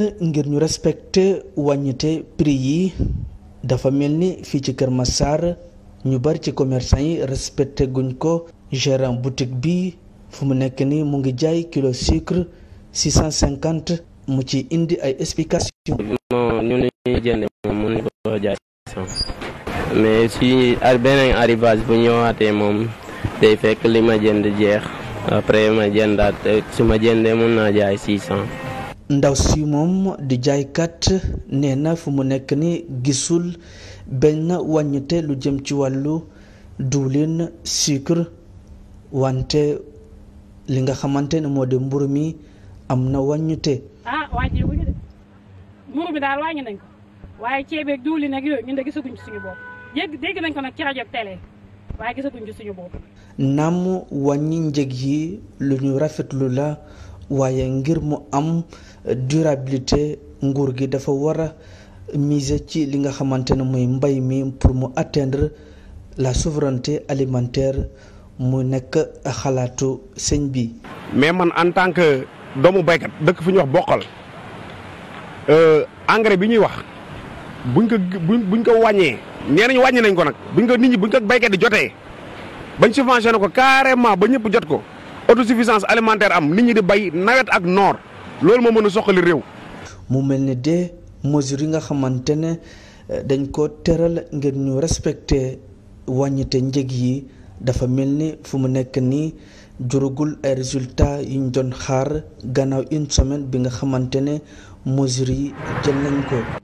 ngir ñu respecter wàññite prix yi dafa mel ni fii ci Kër Massar ñu bari ci commerçant yi respecté guñ ko gérant boutique bi fu mu nekk ni mu ngi jaay kilo sucre six cent cinquante mu ci indi ay explication moom ñu ni jënd moom mais si beneen arrivage bu ñëwaatee moom day fekk li ma jënd jeex après ma jëndaat su ma jëndee mun naa jaay six cent ndaw si moom di jaaykat nee na fu mu nekk ni gisul benn wàññite lu jëm ci wàllu diwlin sucre wante li nga xamante ne moo di mburu mi am na wàññite. ah mburu mi daal wàññi nañ ko waaye ceeb ak ak yooyu ñun de gisaguñ ci suñu bopp dégg dégg nañ ko nag ci rajo ak télé waaye gisaguñ ci suñu bopp. naam wàññi njëg yi lu ñu rafetlu la. waaye ngir mu am euh, durabilité nguur gi dafa war a miser ci li nga xamante ne muy mbay mi pour mu atteindre la souveraineté alimentaire mu nekk xalaatu sëñ bi. mais man en tant que doomu baykat dëkk fu ñuy wax boqal euh, engrais bi ñuy wax buñ ko buñ ko wàññee. nee ñu wàññi nañ ko nag buñ ko nit ñi buñ ko baykat di jotee bañ subventionné ko carrément ba ñëpp jot ko. autosuffisance alimentaire am nit ñi di bay nawet ak noor loolu moo mën a soxali réew. mu mel ni de mesures yi nga xamante ne euh, dañ ko tëral ngir ñu respecter wàññite njëg yi dafa mel ni fu mu nekk nii jurugul ay résultats yu ñu doon xaar gannaaw une semaine bi nga xamante ne mesures yi jël nañ ko.